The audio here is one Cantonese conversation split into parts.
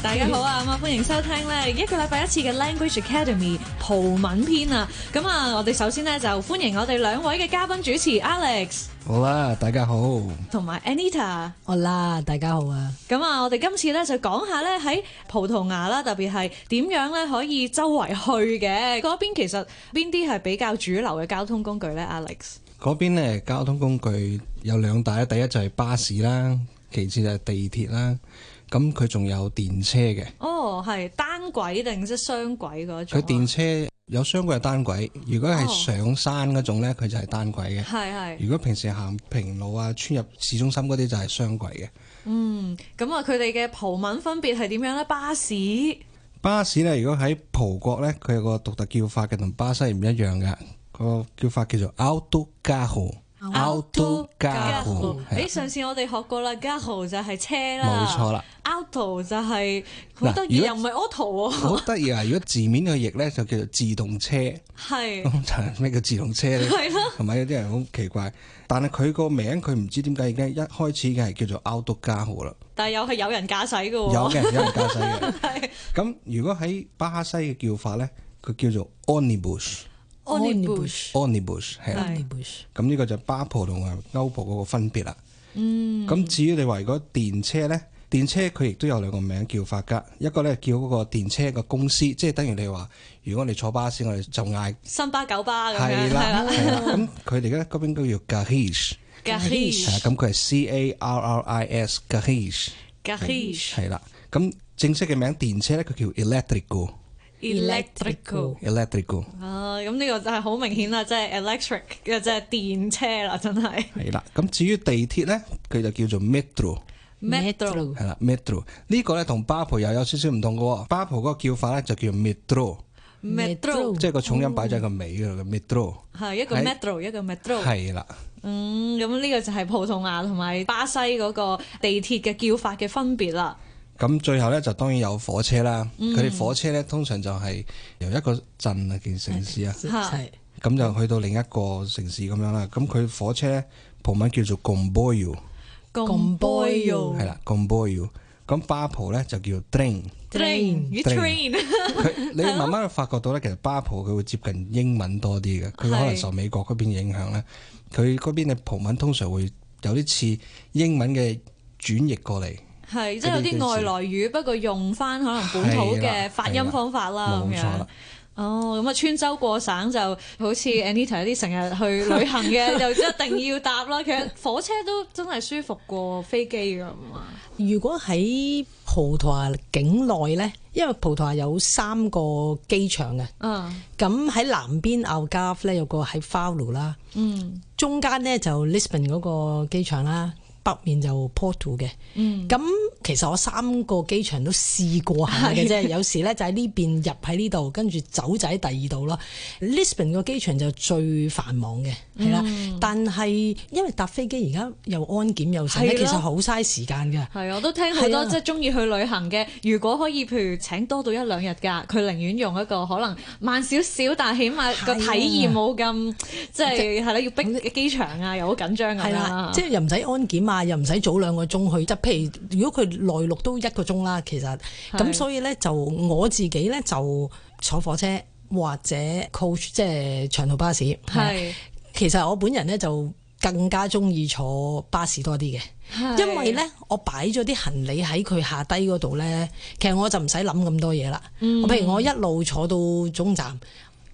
大家好啊，咁啊，歡迎收聽呢一個禮拜一次嘅 Language Academy 葡文篇啊。咁啊，我哋首先呢就歡迎我哋兩位嘅嘉賓主持 Alex。好啦，大家好。同埋 Anita。好啦，大家好啊。咁啊，我哋今次呢就講下呢喺葡萄牙啦，特別係點樣呢可以周圍去嘅。嗰邊其實邊啲係比較主流嘅交通工具呢，Alex。嗰邊呢交通工具有兩大，第一就係巴士啦，其次就係地鐵啦。咁佢仲有電車嘅。哦，係單軌定即係雙軌嗰種。佢電車有雙軌係單軌。如果係上山嗰種咧，佢就係單軌嘅。係係、哦。如果平時行平路啊，穿入市中心嗰啲就係雙軌嘅、嗯。嗯，咁啊，佢哋嘅葡文分別係點樣咧？巴士。巴士咧，如果喺葡國咧，佢有個獨特叫法嘅，同巴西唔一樣嘅，個叫法叫做 autocarro。autocarro。誒、哎，上次我哋學過啦，carro 就係車啦。冇錯啦。auto 就係好得意，又唔係 auto 好得意啊！如果字面去譯咧，就叫做自動車。係咩叫自動車咧？係咯，同埋有啲人好奇怪，但係佢個名佢唔知點解已經一開始已經係叫做 auto 加號啦。但係又係有人駕駛嘅，有人駕駛嘅。咁如果喺巴西嘅叫法咧，佢叫做 onibus，onibus，onibus 係啦。咁呢個就巴葡同埋歐葡嗰個分別啦。嗯。咁至於你話如果電車咧？電車佢亦都有兩個名叫法噶，一個咧叫嗰個電車個公司，即係等於你話，如果你坐巴士，我哋就嗌新巴九巴咁樣。係啦，係啦。咁佢哋咧嗰邊都叫 Carris，Carris。係啊，咁佢係 C A R R I S，Carris，Carris。係啦，咁正式嘅名電車咧，佢叫 Electrico，Electrico，Electrico。啊，咁呢個真係好明顯啦，即係 Electric 嘅即係電車啦，真係。係啦，咁至於地鐵咧，佢就叫做 Metro。metro 係啦，呢個咧同巴葡又有少少唔同嘅，巴葡嗰個叫法咧就叫 metro，metro metro. 即係個重音擺咗個尾度。嘅、mm. metro，係一個 metro 是一個 metro 係啦，的嗯，咁呢個就係葡萄牙同埋巴西嗰個地鐵嘅叫法嘅分別啦。咁最後咧就當然有火車啦，佢哋、mm. 火車咧通常就係由一個鎮啊、件城市啊，係咁、mm. 就去到另一個城市咁樣啦。咁佢火車葡文叫做 comboio。咁 comboio 係啦 comboio 咁巴婆咧就叫 drain drain train 你慢慢去發覺到咧，其實巴婆佢會接近英文多啲嘅，佢可能受美國嗰邊影響咧，佢嗰是邊嘅葡文通常會有啲似英文嘅轉譯過嚟。係即係有啲外、外來語，不過用翻可能本土嘅發音方法啦，冇錯。哦，咁啊，穿州過省就好似 Anita 一啲成日去旅行嘅， 就一定要搭啦。其實火車都真係舒服過飛機噶嘛。如果喺葡萄牙境內咧，因為葡萄牙有三個機場嘅，嗯，咁喺南邊 Algarve 咧有個喺 Faro 啦，嗯，中間咧就 Lisbon 嗰個機場啦。北面就 Porto 嘅，咁、嗯、其實我三個機場都試過下嘅啫。是的 有時咧就喺呢邊入喺呢度，跟住走仔第二度咯。Lisbon 個機場就最繁忙嘅，係啦。嗯、但係因為搭飛機而家又安檢又剩咧，是的 其實好嘥時間嘅係啊，我都聽好多是的 即係中意去旅行嘅，如果可以譬如請多到一兩日假，佢寧願用一個可能慢少少，但係起碼個體驗冇咁即係，係啦，要逼機場啊，又好緊張啊，係啦。即係又唔使安檢啊！又唔使早兩個鐘去，即係譬如如果佢內陸都一個鐘啦，其實咁是所以呢，就我自己呢，就坐火車或者 coach，即係長途巴士係。是其實我本人呢，就更加中意坐巴士多啲嘅，是因為呢，我擺咗啲行李喺佢下低嗰度呢，其實我就唔使諗咁多嘢啦。嗯、譬如我一路坐到總站。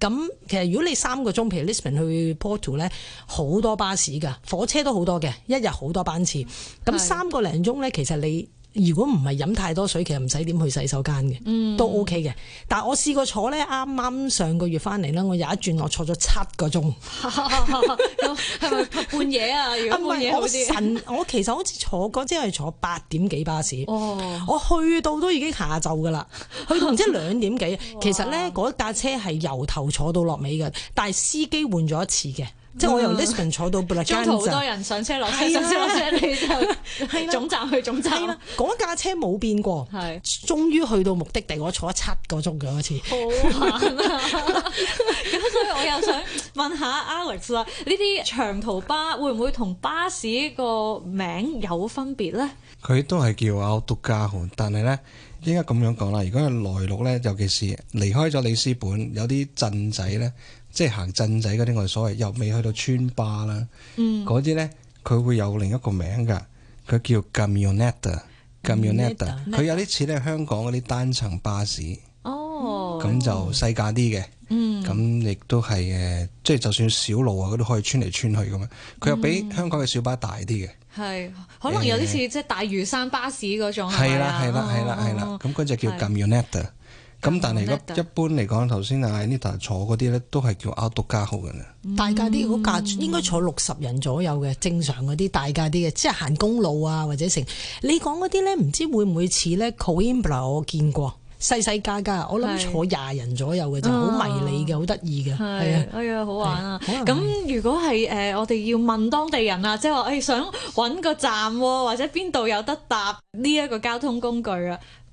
咁其實如果你三個鐘，譬如 Lisbon 去 Porto 咧，好多巴士㗎，火車都好多嘅，一日好多班次。咁的三個零鐘咧，其實你。如果唔係飲太多水，其實唔使點去洗手間嘅，嗯、都 OK 嘅。但係我試過坐咧，啱啱上個月返嚟啦，我有一轉我坐咗七個鐘，係咪、啊、 半夜啊？如果半夜好啲。我其實好似坐嗰次係坐八點幾巴士，哦、我去到都已經下晝㗎啦，去到唔知兩點幾。 哇其實咧，嗰架車係由頭坐到落尾㗎，但係司機換咗一次嘅。即係我由里斯本坐到布拉加站，中途好多人上車落車，啊、上車落車，啊、你就喺總站去總站。嗰架車冇變過，係終於去到目的地。我坐咗七個鐘嘅嗰次，好慢啊！咁 所以我又想問下 Alex 啦，呢啲長途巴會唔會同巴士個名有分別咧？佢都係叫歐獨家號，go, 但係咧應該咁樣講啦。如果係內陸咧，尤其是離開咗里斯本，有啲鎮仔咧。即係行鎮仔嗰啲，我哋所謂又未去到村巴啦，嗰啲咧佢會有另一個名噶，佢叫 camioneta，camioneta，佢有啲似咧香港嗰啲單層巴士，咁、oh. 嗯、就細架啲嘅，咁亦都係誒，即係就算小路啊，佢都可以穿嚟穿去咁樣，佢又比香港嘅小巴大啲嘅，係 Yeah，可能有啲似即係大嶼山巴士嗰種係啦係啦係啦係啦，咁嗰隻叫 camioneta。咁但係如果一般嚟講，頭先 Anita 坐嗰啲咧，都係叫阿獨家號嘅。嗯、大架啲，嗰架應該坐六十人左右嘅，正常嗰啲大架啲嘅，即係行公路啊或者成。你講嗰啲咧，唔知會唔會似咧 Coimbra？我見過細細架架，我諗坐廿人左右嘅就好迷你嘅，好得意嘅。係啊，啊，哎呀，好玩啊！咁、啊、如果係誒、呃，我哋要問當地人啊，即係話誒想揾個站，或者邊度有得搭呢一個交通工具啊？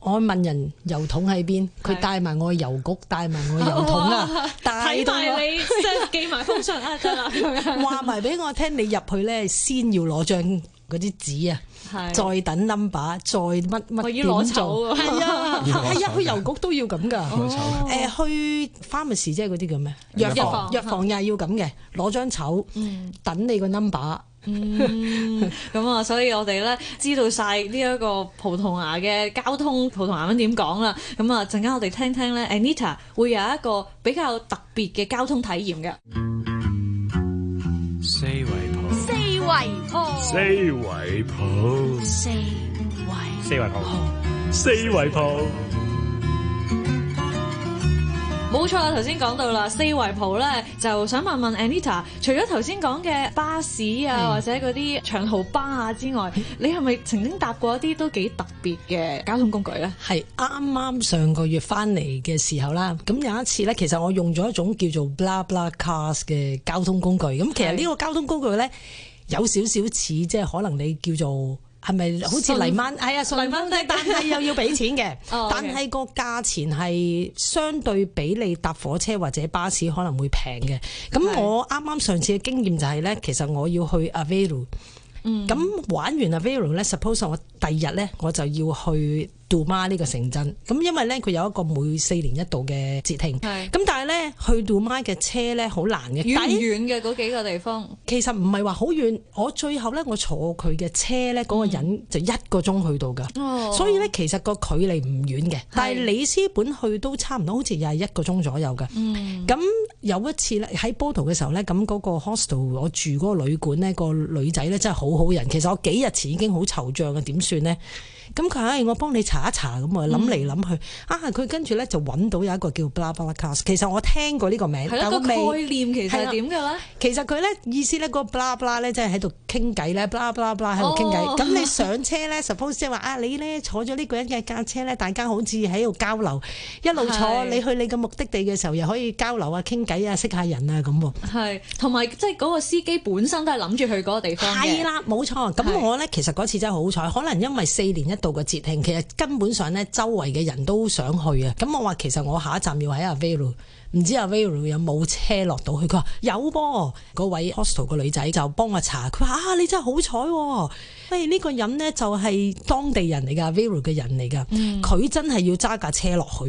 我問人郵筒喺邊，佢帶埋我去郵局，帶埋我郵筒啦，帶埋你即係寄埋封信啊，話埋俾我聽，你入去咧先要攞張嗰啲紙啊，再等 number，再乜乜點攞係啊係啊，去郵局都要咁噶，冇錯，誒去 pharmacy 即係嗰啲叫咩？藥房藥房又係要咁嘅，攞張籌等你個 number。 嗯，咁、嗯、啊，所以我哋咧知道晒呢一個葡萄牙嘅交通葡萄牙文點講啦。咁啊，陣間我哋聽聽咧，Anita 會有一個比較特別嘅交通體驗嘅。 四圍抱，四圍四圍四圍，四圍四圍冇錯啦，頭先講到啦，四維普咧就想問問 Anita，除咗頭先講嘅巴士啊，是或者嗰啲長途巴啊之外，是你係咪曾經搭過一啲都幾特別嘅交通工具咧？係啱啱上個月翻嚟嘅時候啦，咁有一次咧，其實我用咗一種叫做 Blah Blah Cars 嘅交通工具。咁其實呢個交通工具咧有少少似即係可能你叫做。係咪好似黎曼？係啊，黎曼， 但係又要俾錢嘅， oh, okay. 但係個價錢係相對比你搭火車或者巴士可能會平嘅。咁是我啱啱上次嘅經驗就係、是、呢：其實我要去 Avila，咁、嗯、玩完 Avila 咧，suppose 我第二日呢，我就要去杜馬呢個城鎮，咁因為咧佢有一個每四年一度嘅節慶，咁是但係咧去杜馬嘅車咧好難嘅，遠遠嘅嗰幾個地方，其實唔係話好遠。我最後咧我坐佢嘅車咧嗰、嗯、個人就一個鐘去到噶，哦、所以咧其實個距離唔遠嘅。是但係里斯本去都差唔多，好似又係一個鐘左右嘅。咁、嗯、有一次咧喺波圖嘅時候咧，咁、那、嗰個 hostel 我住嗰個旅館咧，那個女仔咧真係好好人。其實我幾日前已經好惆悵嘅，點算咧？咁佢、哎，我幫你查一查咁啊，諗嚟諗去啊，佢跟住咧就揾到有一個叫 blah blah class，其實我聽過呢個名，係的美一個概念其實點㗎咧？其實佢咧意思咧嗰個 blah blah 咧，即係喺度傾偈咧，blah blah blah 喺度傾偈。咁你上車咧，suppose 即係話啊，你咧坐咗呢個人嘅一間車咧，大家好似喺度交流，一路坐的你去你嘅目的地嘅時候，又可以交流啊、傾偈啊、識下人啊咁喎。係，同埋即係嗰個司機本身都係諗住去嗰個地方。係啦，冇錯。咁我咧其實嗰次真係好彩，可能因為四年一。度嘅節慶，其實根本上咧，周圍嘅人都想去啊。咁我話其實我下一站要喺阿 Vale。唔知阿 Vale 有冇車落到去？佢話有噃，嗰位 hostel 個女仔就幫我查。佢話啊，你真係好彩。喂，呢個人呢，就係當地人嚟噶，Vero 嘅人嚟噶，佢、嗯、真係要揸架車落去。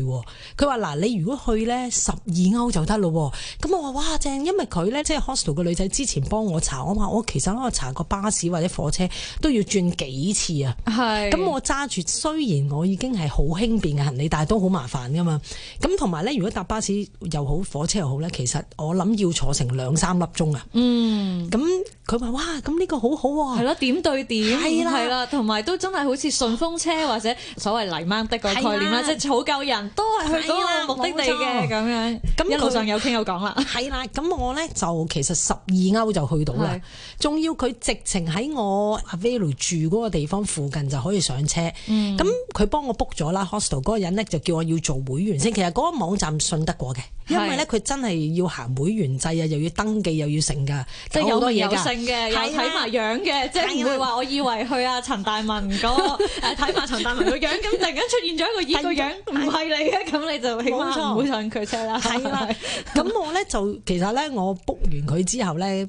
佢話嗱，你如果去呢，十二歐就得咯。咁我話，哇正，因為佢呢，即係 Hostel 個女仔之前幫我查，我話我其實我查個巴士或者火車都要轉幾次啊。係是。咁我揸住，雖然我已經係好輕便嘅行李，但係都好麻煩噶嘛。咁同埋呢，如果搭巴士又好，火車又好呢，其實我諗要坐成兩三粒鐘、嗯這個、啊。嗯。咁佢話哇，咁呢個好好喎。係咯，點對點。係啦，係啦，同埋的都真係好似順風車或者所謂泥掹的個概念啦，的即係湊夠人都係去到個目的地嘅咁的錯樣。咁一路上有傾有講啦。係啦，咁我咧就其實十二歐就去到啦，仲的要佢直情喺我阿 Vale 住嗰個地方附近就可以上車。咁佢的幫我 book 咗啦、嗯、hostel 嗰個人咧就叫我要做會員先，其實嗰個網站信得過嘅。因為咧，佢真係要行會員制啊，又要登記，又要成噶，即係有名有姓嘅，睇埋樣嘅，嗎即係唔會話我以為去阿陳大文個，誒睇埋陳大文個樣，咁突然間出現咗一個樣，唔係 你嘅，咁你就起碼唔會上佢車啦。咁我咧就其實咧，我 book 完佢之後咧，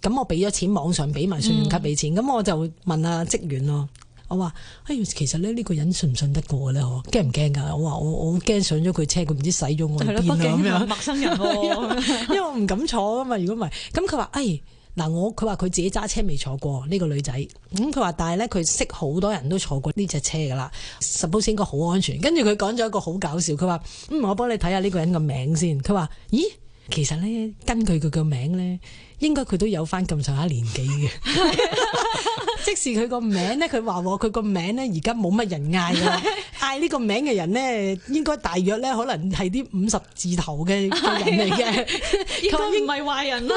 咁我俾咗錢網上俾埋信用卡俾錢，咁、嗯、我就問下職員咯。我話哎，其實咧呢個人信唔信得過咧？吓驚唔驚噶？我話我我驚上咗佢車，佢唔知使咗我去邊啦咁樣。了陌生人、啊， 因為我唔敢坐噶嘛。如果唔係，咁佢話哎嗱，我佢話佢自己揸車未坐過呢個女仔。咁佢話，但係咧佢識好多人都坐過呢隻車噶啦。Suppose 應該好安全。跟住佢講咗一個好搞笑。佢話唔，我幫你睇下呢個人個名先。佢話咦？其實咧，根據佢個名咧，應該佢都有翻咁上下年紀嘅。即使佢個名咧，佢話佢個名咧，而家冇乜人嗌噶。嗌呢個名嘅人咧，應該大約咧，可能係啲五十字頭嘅人嚟嘅。佢話 應該唔係壞人啦。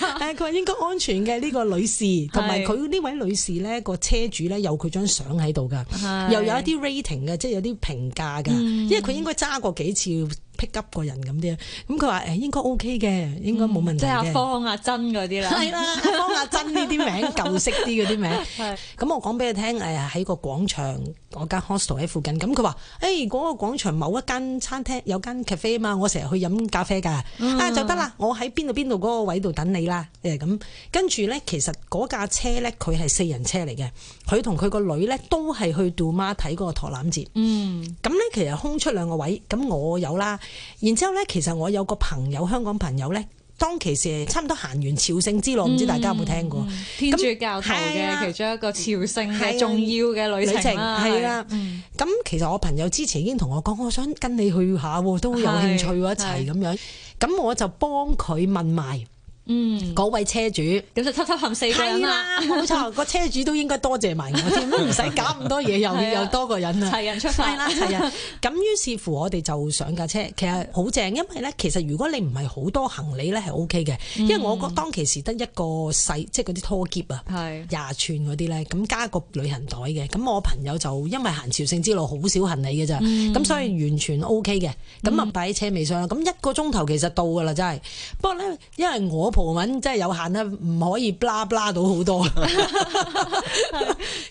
誒，佢話應該安全嘅呢個女士，同埋佢呢位女士咧，個車主咧有佢張相喺度噶， 又有一啲 rating 嘅，即係有啲評價噶，因為佢應該揸過幾次。迫急個人咁啲，咁佢話誒應該 OK 嘅，應該冇問題、嗯、即係阿方阿珍嗰啲啦，係啦、 啊，阿方阿珍呢啲名 舊式啲嗰啲名，係是。咁我講俾你聽，誒喺個廣場。我間 hostel 喺附近，咁佢話：誒、欸、嗰、那個廣場某一間餐廳有間 cafe 啊嘛，我成日去飲咖啡㗎，嗯、啊就得啦，我喺邊度邊度嗰個位度等你啦，誒、嗯、咁，跟住咧其實嗰架車咧佢係四人車嚟嘅，佢同佢個女咧都係去杜媽睇嗰個托攬節，嗯，咁咧其實空出兩個位，咁我有啦，然之後咧其實我有個朋友，香港朋友咧。當其時，差唔多行完朝聖之路，唔、嗯、知大家有冇聽過？天主教徒嘅其中一個朝聖係重要嘅旅程啦，係啦、啊。咁、啊、其實我朋友之前已經同我講，我想跟你去下，都會有興趣一齊咁樣。咁、啊、我就幫佢問埋。嗯，嗰位車主，咁就七七含四個人啦，冇錯，個車主都應該多謝埋我先，唔使搞咁多嘢，又又多個人啊，齊人出發啦，齊人，咁於是乎我哋就上架車，其實好正，因為咧，其實如果你唔係好多行李咧，係 O K 嘅，因為我個當其時得一個細，即係嗰啲拖喼啊，廿寸嗰啲咧，咁加個旅行袋嘅，咁我朋友就因為行朝聖之路好少行李嘅咋，咁所以完全 O K 嘅，咁啊擺喺車尾上啦，咁一個鐘頭其實到噶啦，真係。不過咧，因為我。葡文真係有限啦，唔可以 bla、ah、bla 到好多。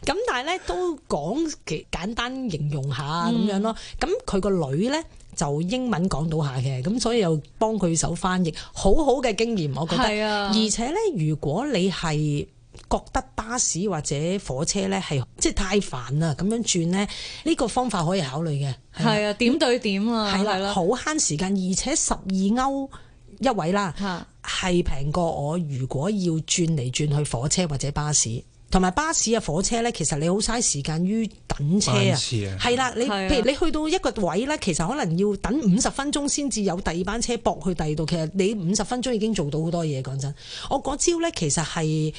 咁但係咧都講其簡單形容下咁、嗯、樣咯。咁佢個女咧就英文講到下嘅，咁所以又幫佢手翻譯，好好嘅經驗、啊、我覺得。係啊，而且咧，如果你係覺得巴士或者火車咧係即係太煩啦，咁樣轉咧，呢個方法可以考慮嘅。係啊，點對點啊，係啦，好慳時間，而且十二歐一位啦。 係平過我，如果要轉嚟轉去火車或者巴士，同埋巴士嘅火車呢，其實你好嘥時間於等車啊，係啦，你的譬如你去到一個位呢，其實可能要等五十分鐘先至有第二班車駁去第二度，其實你五十分鐘已經做到好多嘢。講真，我嗰招呢，其實係。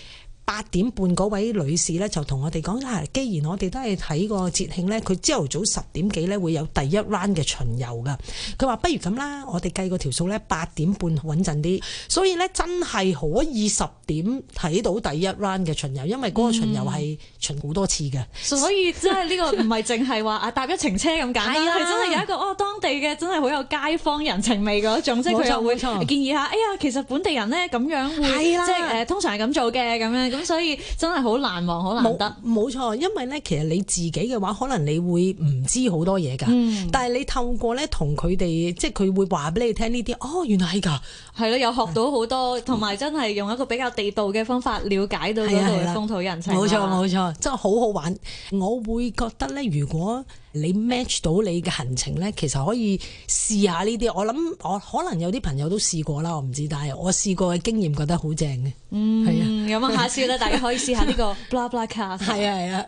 八點半嗰位女士咧就同我哋講、啊，既然我哋都係睇個節慶咧，佢朝頭早十點幾咧會有第一 round 嘅巡遊噶。佢話不如咁啦，我哋計個條數咧，八點半穩陣啲。所以咧真係可以十點睇到第一 round 嘅巡遊，因為嗰個巡遊係巡好多次嘅、嗯。所以即係呢個唔係淨係話啊搭咗程車咁簡單，係 對啦 真係有一個哦當地嘅真係好有街坊人情味嗰種，即係佢會建議下。哎呀，其實本地人咧咁樣會即係誒通常係咁做嘅咁樣。咁所以真係好難忘，好難得。冇錯，因為咧，其實你自己嘅話，可能你會唔知好多嘢㗎。嗯，但係你透過咧同佢哋，即係佢會話俾你聽呢啲。哦，原來係㗎。係咯，有學到好多，同埋真係用一個比較地道嘅方法了解到嗰度風土人情。冇錯冇錯，真係好好玩。我會覺得咧，如果你 match 到你嘅行程咧，其實可以試下呢啲。我諗我可能有啲朋友都試過啦，我唔知。但係我試過嘅經驗覺得好正嘅。嗯，係啊，有冇下次咧？ 大家可以試下呢個 BlaBlaCar 係啊係啊。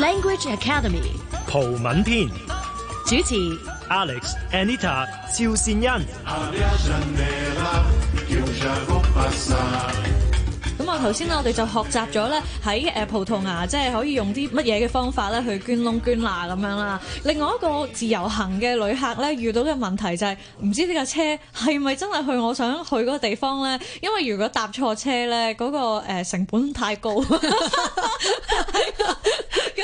Language Academy 葡文篇主持。Alex Anita、趙善恩。咁啊，頭先咧，我哋就學習咗咧，喺誒葡萄牙，即係可以用啲乜嘢嘅方法咧，去捐窿捐罅咁樣啦。另外一個自由行嘅旅客咧，遇到嘅問題就係，唔知呢架車係咪真係去我想去嗰個地方咧？因為如果搭錯車咧，嗰個成本太高。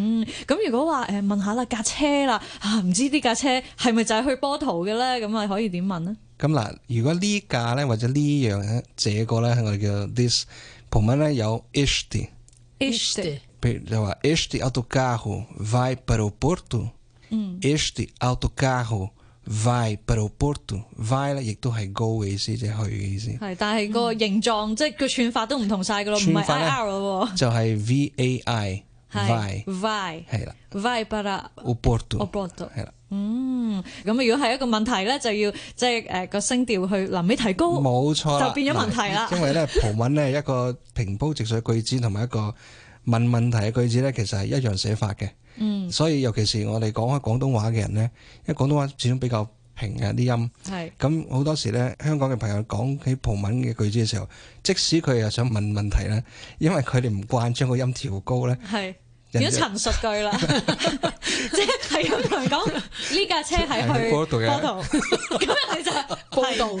嗯，咁如果話誒、呃、問下啦、啊、架車啦，嚇唔知呢架車係咪就係去波圖嘅咧？咁啊可以點問呢？咁嗱、嗯，如果架呢架咧或者呢樣咧，這個咧我哋叫 this 葡文咧有 ist，ist，ist，譬如就話 ist autocarro vai peroporto，嗯，ist autocarro vai peroporto，vai 咧亦都係 go 嘅意思，即係去嘅意思。係，但係個形狀、嗯、即係個串法都唔同晒嘅咯，唔係 ir 就係 vai。 係，係啦 Vai, 的，Vai para？o Porto，o Porto，係啦。嗯，咁如果係一個問題咧，就要即係誒個聲調去臨尾提高，冇錯，就變咗問題啦。因為咧葡 文咧一個平鋪直敘嘅句子同埋一個問問題嘅句子咧，其實係一樣寫法嘅。嗯，所以尤其是我哋講開廣東話嘅人咧，因為廣東話始終比較。平啊啲音，咁好多時咧，香港嘅朋友講起葡文嘅句子嘅時候，即使佢又想問問題咧，因為佢哋唔慣將個音調高咧，係變咗陳述句啦，即係咁嚟講，呢架車係去波度嘅，咁樣你就波度，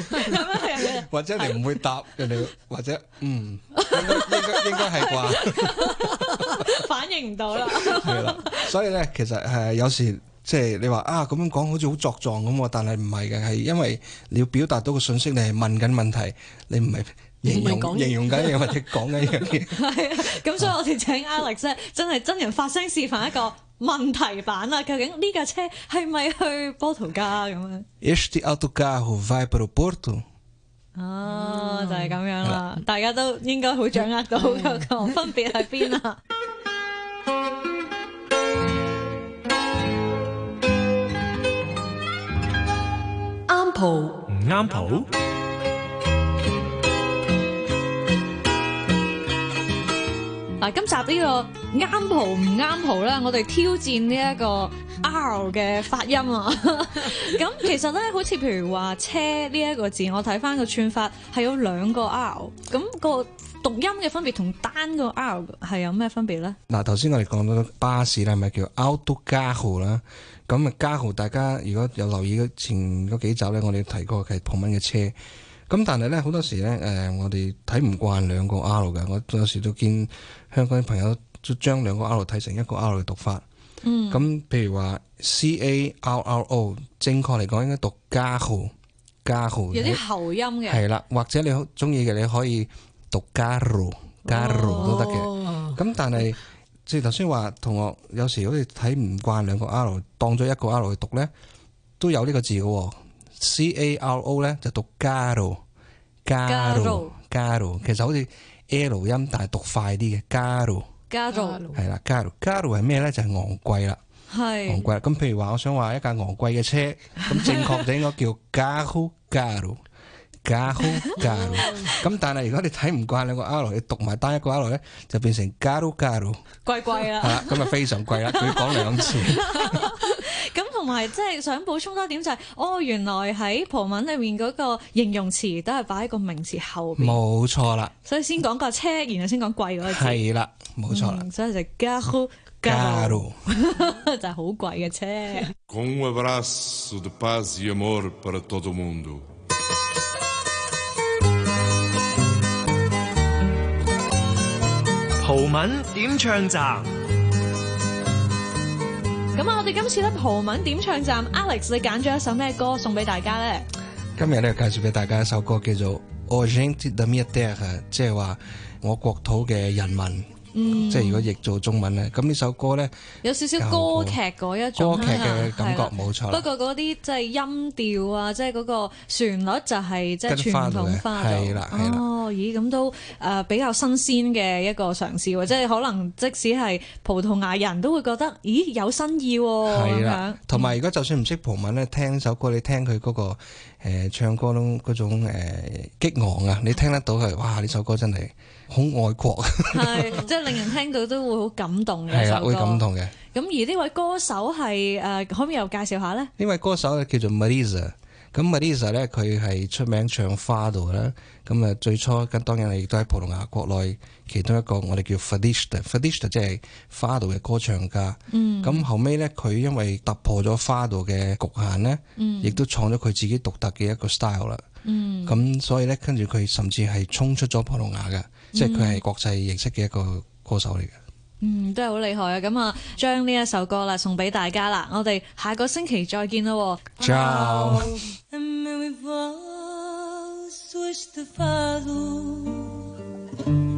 或者你唔會答人哋，或者嗯，應該應該係啩，反應唔到啦，係啦，所以咧其實係有時。即係你話啊，咁樣講好似好作狀咁喎，但係唔係嘅，係因為你要表達到個信息，你係問緊問題，你唔係形容形容緊嘢或者講緊樣嘢。係 啊，咁所以我哋請 Alex 真係真人發聲示範一個問題版啦，啊。究竟呢架車係咪去波圖家咁啊？Este autocarro vai para o Porto？哦，就係、是、咁樣啦， 大家都應該好掌握到個分別喺邊啊？ 唔啱譜，嗱，今集呢個啱蒲唔啱蒲啦，我哋挑戰呢一個 R 嘅發音啊，咁 其實咧好似譬如話車呢一個字，我睇翻個串法係有兩個 R，咁個。讀音嘅分別同單個 r 係有咩分別咧？嗱，頭先我哋講到巴士咧，係咪叫 Auto 加號啦？咁啊加號，大家如果有留意前嗰幾集咧、呃，我哋提過其實葡文嘅車。咁但係咧好多時咧誒，我哋睇唔慣兩個 r 嘅，我有時都見香港啲朋友都將兩個 r 睇成一個 r 嘅讀法。嗯。咁譬如話 C A R R O，正確嚟講應該讀加號加號。有啲喉音嘅。係啦，或者你好中意嘅，你可以。讀 g a r o 都得嘅。咁但係即係頭先話同學有時好似睇唔慣兩個 L，當咗一個 L 去讀咧，都有呢個字嘅、哦。C A R O 咧就讀 r o g a r o 其實好似 L 音，但係讀快啲嘅 g a 加羅。加羅係啦，g a r o 係咩咧？就係、是、昂貴啦，是昂貴。咁譬如話我想話一架昂貴嘅車，咁正確點講叫 g a r o g a r r o 加呼加路，咁但係如果你睇唔慣兩個 R，讀埋單一個 R 咧，就變成加路加路，貴貴啦，咁啊非常貴啦，佢講兩次。咁同埋即係想補充多點就係、是，哦原來喺葡文裏面嗰個形容詞都係擺喺個名詞後邊，冇錯啦。所以先講個車，然後先講貴嗰個字，係啦， 冇錯啦。所以就加呼加路，就好貴嘅車。葡文點唱站，咁啊！我哋今次咧，葡文點唱站 Alex，你揀咗一首咩歌送俾大家咧？今日咧，介紹俾大家一首歌叫，叫做《Gente da Minha Terra》，即係話我國土嘅人民。嗯、即係如果譯做中文咧，咁呢首歌咧有少少歌劇嗰一種、啊、歌劇嘅感覺，冇錯、啊。了不過嗰啲即係音調啊，即係嗰個旋律就係即係傳統化咗。哦，啊啊、咦，咁、嗯、都誒比較新鮮嘅一個嘗試，即係可能即使係葡萄牙人都會覺得咦有新意喎、哦。係啦、啊，同埋如果就算唔識葡文咧，聽首歌你聽佢嗰個誒唱歌都嗰種誒激昂啊，你聽得到係哇呢首歌真係～、嗯好愛國，係 即係令人聽到都會好感動嘅一首歌。 會感動嘅。咁而呢位歌手係誒、呃，可唔可以又介紹下咧？呢位歌手叫做 Mar Marisa。咁 Marisa 咧，佢係出名唱花道啦。咁啊，最初咁當然係亦都喺葡萄牙國內，其中一個我哋叫 Fadista、嗯、即係花道嘅歌唱家。咁後尾咧，佢因為突破咗花道嘅局限咧，亦都、嗯、創咗佢自己獨特嘅一個 style 啦。嗯。咁所以咧，跟住佢甚至係衝出咗葡萄牙嘅，即係佢係國際認識嘅一個歌手嚟嘅。嗯，都係好厲害啊！咁啊，將呢一首歌啦送俾大家啦，我哋下個星期再見啦。Ciao oh.